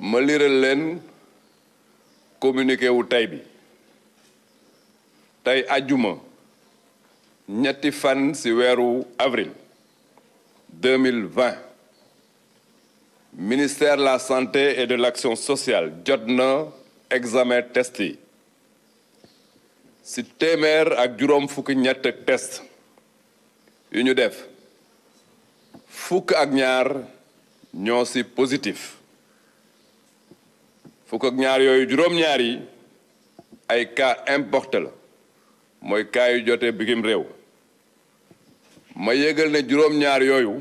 ma liral leen communiqué wu tey bi tey àjjuma ñetti fan ci weeru avril 2020 ministère de la santé et de l'action sociale jot na examen test yi ci téeméer ak juróom fukki ñett ak test yu ñu def fukk ak ñaar ñoo ci positif fukk ak ñaar yooyu juróom-ñaar yi ay cas importé la mooy cas yu jotee bitim réew ma yëgal ne juróom-ñaar yooyu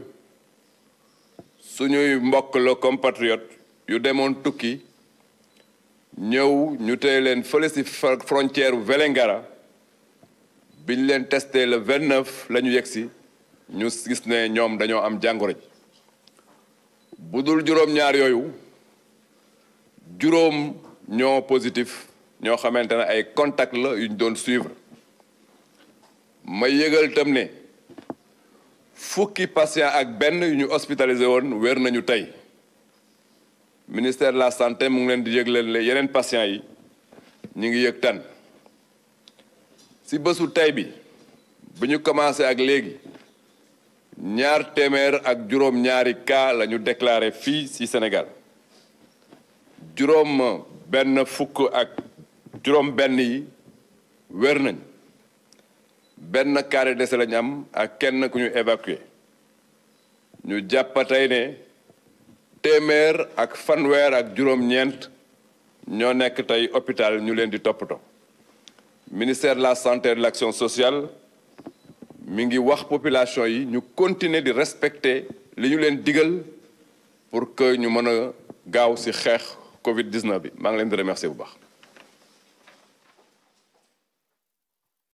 suñuy mbokk la compatriote yu demoon tukki ñëw ñu tey leen fële si frontière Vélingara biñ leen testé le 29 la ñu yegsi ñu gis ne ñoom dañoo am jàngoro bu dul juróom-ñaar yooyu juróom ñoo positif ñoo xamante ne ay contact la yu ñu doon suivre ma yëgal tam ne fukki patient ak benn yu ñu hospitalisé woon wér nañu tey ministère la santé mu ngi leen di yëg leen yeneen patient yi ñu ngi yëg tan ci bésu tey bi bu ñu commencé ak léegi ñaar téeméer ak juróom ñaari cas la ñu déclaré fii ci Sénégal juróom benn fukk ak juróom benn yi wér nañ benn carré décès lañ am ak kenn ku ñu évacué ñu jàppatay ne téeméer ak fanweer ak juróom-ñeent ñoo nekk tey hôpital ñu leen di toppatoo ministère la santé et de l'action sociale mi ngi wax population yi ñu continuer di respecté li ñu leen digal pour que ñu mën a gaaw ci xeex Covid 19 bi maa ngi leen di remercier bu baax.